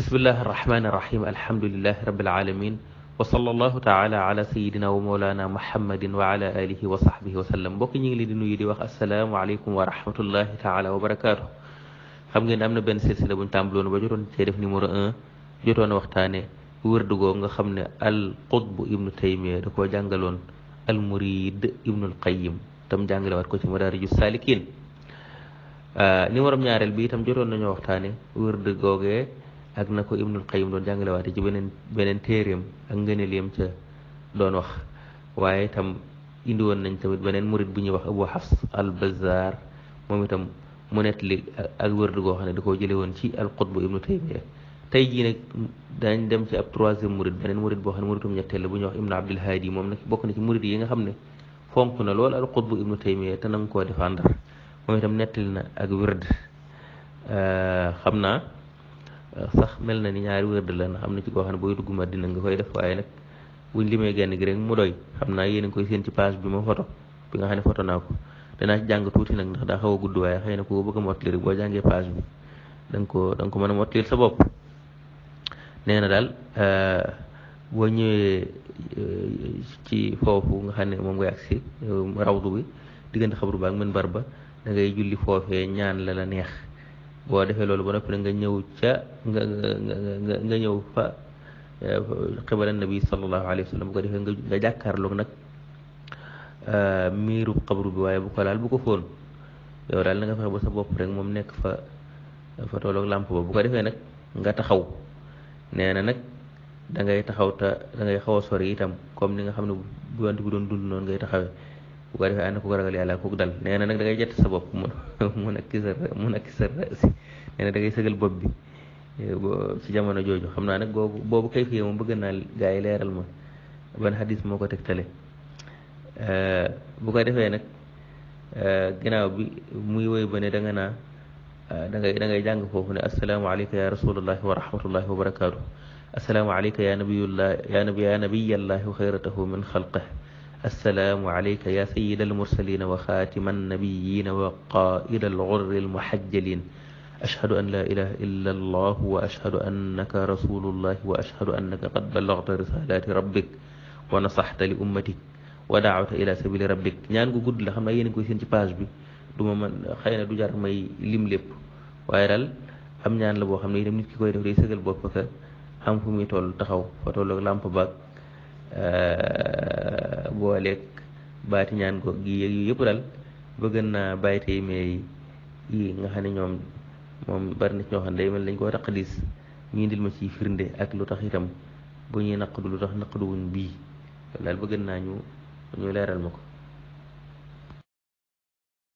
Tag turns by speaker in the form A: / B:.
A: بسم الله الرحمن الرحيم الحمد لله رب العالمين وصلى الله تعالى على سيدنا ومولانا محمد وعلى اله وصحبه وسلم بوك نيغي لي نوي دي واخ السلام عليكم ورحمه الله تعالى وبركاته خم نين امنا بن سلسله بن تامبلون با جوتون تي ديف نيمورو 1 جوتون واختاني وردغو nga xamne al qutb ibn taymiyah dako jangalon al murid ibn al qayyim tam jangale wat ko ci madarijus salikin euh ah, نيمورو 2 bi tam jotone nañu waxtane wërd goge ak na ko ibnul qayim doon jàngalewaate ci beneen beneen téeréem ak ngëneelam ca doon wax waaye tam indi woon nañ tamit beneen murit bu ñuy wax abu xafs al bazaar moom itam mu nett li ak wërdu goo xam ne da koo jële woon ci al qutb ibnu tey jii nag dañ dem ci ab troisième murit beneen murit boo xam ne muritum ñetteel la bu ñuy wax ibnu abdul haadi moom nag na xam ne fonk na loolu al qutb ibnu taymiya te koo défendre moom itam nettali na ak wërd xam naa sax mel na ni ñaari wërd la na xam na ci koo xam ne booy dugg dina nga koy def waaye nag buñ limee genn gi rek mu doy xam naa yéen a koy seen ci page bi ma photo bi nga xam ne photo naa ko danaa ci nag ndax daa xaw a gudd waaye xëy na ko bëgg a mottali rek boo jàngee ko da ko mën a mottali sa bopp nee na daal euh, boo ñëwee euh, ci foofu nga xam ne moom ngay agsi euh, rawdu bi diggante xabru baak mën bar ba da ngay julli foofee ñaan la la neex boo defee loolu ba noppi nga ñëw ca nga nga nga ñëw fa eh, xibala nabi sallallahu alayhi wa sallam bu ko defee nga jàkkaarloog nag eh, miiru xabru bi waaye bu ko laal bu ko fóon yow daal na nga fexe ba sa bopp rek moom nekk fa fa làmp ba bu ko defee nag nga taxaw nee na nag da ngay taxaw ta da ngay xaw a sori itam comme ni nga xam ne bu yonent bi doon dund noonu ngay taxawee bu ko defee ànd ku ko ragal yàlla ku dal nee na nag da ngay jett sa bopp mu mun ak kisar mun ak kisar si nee na da ngay sëgal bopp bi ci jamono jooju xam naa nag boobu boobu kay fiyee moom bëgg naa gaa yi leeral ma ban xadis moo ko tegtale euh, bu ko defee nag euh, ginnaaw bi muy woy ba ne da nga naa euh, da ngay da ngay jàng foofu ne assalaamu aleyka ya rasulallahi wa rahmatullahi wa barakaatu assalaamu aleyka ya nabiyullah ya nabi ya nabiyallahi wa xayratahu min xalqih السلام عليك يا سيد المرسلين وخاتم النبيين وقائد الغر المحجلين أشهد أن لا إله إلا الله وأشهد أنك رسول الله وأشهد أنك قد بلغت رسالات ربك ونصحت لأمتك ودعوت إلى سبيل ربك نيان كو غود لا خما يين كو سين سي باج بي دوما من خاينا دو جار ماي ليم ليب ام نيان لا بو خما ني نيت كي كوي ري سغال ام فومي تول تخاو فوتو لامب باك booleeg baati ñaan ko gi yëg yu yëpp daal bëgg naa bàyyi tey mais yi nga xam ne ñoom moom bari na ci ñoo xam ne day mel dañ koo taqadis ñu indil ma ci firnde ak lu tax itam bu ñuy naqdu lu tax naqduwuñ bii loolu daal bëgg naa ñu ñu leeral ma ko